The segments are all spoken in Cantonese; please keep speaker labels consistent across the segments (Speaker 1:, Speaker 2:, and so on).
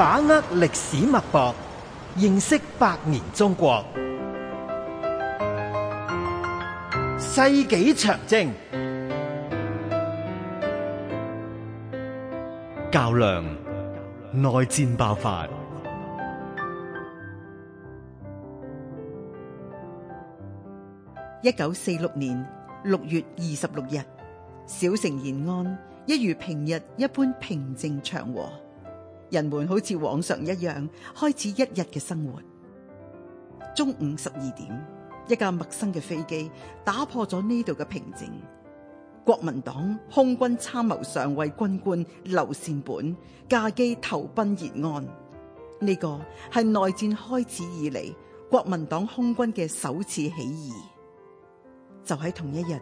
Speaker 1: 把握歷史脈搏，認識百年中國。世紀長征，較量，內戰爆發。一九四六年六月二十六日，小城延安一如平日一般平靜祥和。人們好似往常一樣開始一日嘅生活。中午十二點，一架陌生嘅飛機打破咗呢度嘅平靜。國民黨空軍參謀上尉軍官劉善本駕機投奔延安。呢、這個係內戰開始以嚟國民黨空軍嘅首次起義。就喺同一日，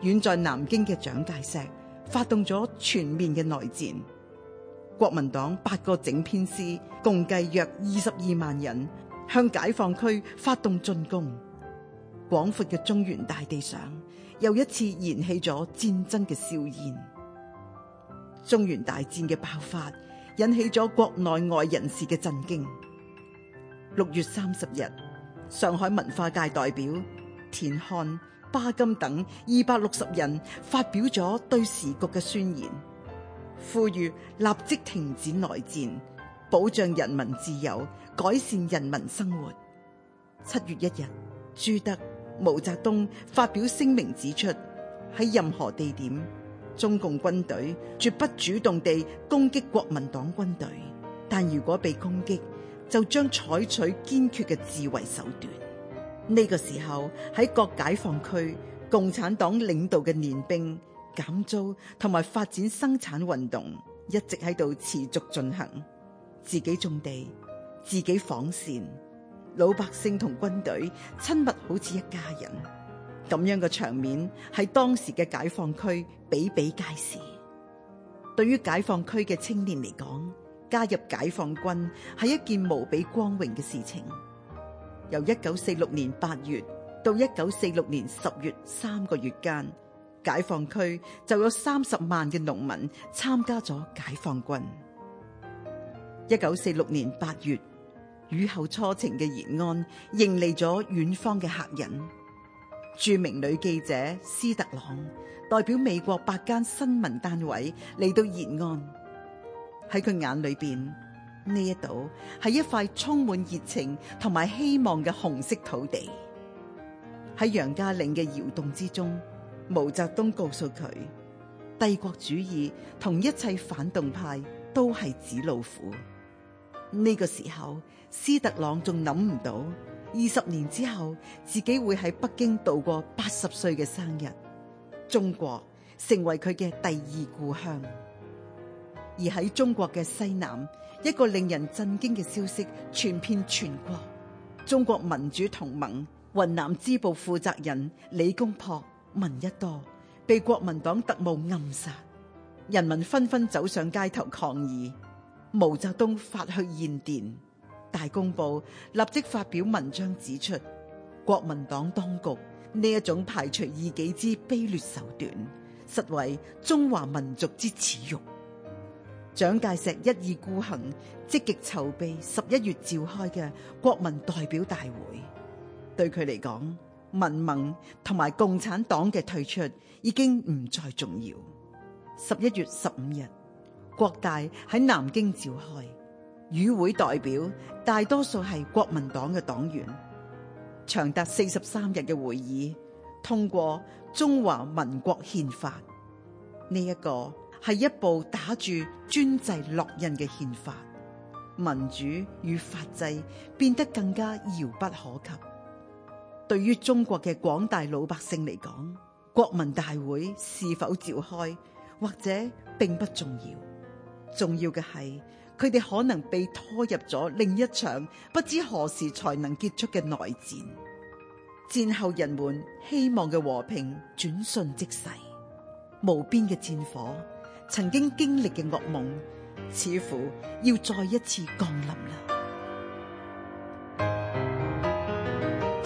Speaker 1: 遠在南京嘅蔣介石發動咗全面嘅內戰。國民黨八個整編師，共計約二十二萬人，向解放區發動進攻。廣闊嘅中原大地上，又一次燃起咗戰爭嘅硝煙。中原大戰嘅爆發，引起咗國內外人士嘅震驚。六月三十日，上海文化界代表田漢、巴金等二百六十人，發表咗對時局嘅宣言。呼籲立即停止內戰，保障人民自由，改善人民生活。七月一日，朱德、毛澤東發表聲明指出：喺任何地點，中共軍隊絕不主動地攻擊國民黨軍隊，但如果被攻擊，就將採取堅決嘅自衛手段。呢個時候喺各解放區，共產黨領導嘅聯兵。減租同埋發展生產運動一直喺度持續進行，自己種地，自己紡線，老百姓同軍隊親密，好似一家人。咁樣嘅場面喺當時嘅解放區比比皆是。對於解放區嘅青年嚟講，加入解放軍係一件無比光榮嘅事情。由一九四六年八月到一九四六年十月三個月間。解放區就有三十萬嘅農民參加咗解放軍。一九四六年八月，雨後初晴嘅延安迎嚟咗遠方嘅客人。著名女記者斯特朗代表美國八間新聞單位嚟到延安。喺佢眼裏邊，呢一度係一塊充滿熱情同埋希望嘅紅色土地。喺楊家嶺嘅窑洞之中。毛澤東告訴佢，帝國主義同一切反動派都係紙老虎。呢個時候，斯特朗仲諗唔到，二十年之後自己會喺北京度過八十歲嘅生日，中國成為佢嘅第二故鄉。而喺中國嘅西南，一個令人震驚嘅消息傳遍全國：中國民主同盟雲南支部負責人李公朴。聞一多被國民黨特務暗殺，人民紛紛走上街頭抗議。毛澤東發去唁電，大公報立即發表文章指出，國民黨當局呢一種排除異己之卑劣手段，實為中華民族之恥辱。蔣介石一意孤行，積極籌備十一月召開嘅國民代表大會，對佢嚟講，民盟同埋共產黨嘅退出已經唔再重要。十一月十五日，國大喺南京召開，與會代表大多數係國民黨嘅黨員。長達四十三日嘅會議，通過中華民國憲法。呢一個係一部打住專制烙印嘅憲法，民主與法制變得更加遙不可及。對於中國嘅廣大老百姓嚟講，國民大會是否召開，或者並不重要。重要嘅係，佢哋可能被拖入咗另一場不知何時才能結束嘅內戰。戰後人們希望嘅和平轉瞬即逝，無邊嘅戰火，曾經經歷嘅噩夢，似乎要再一次降臨啦。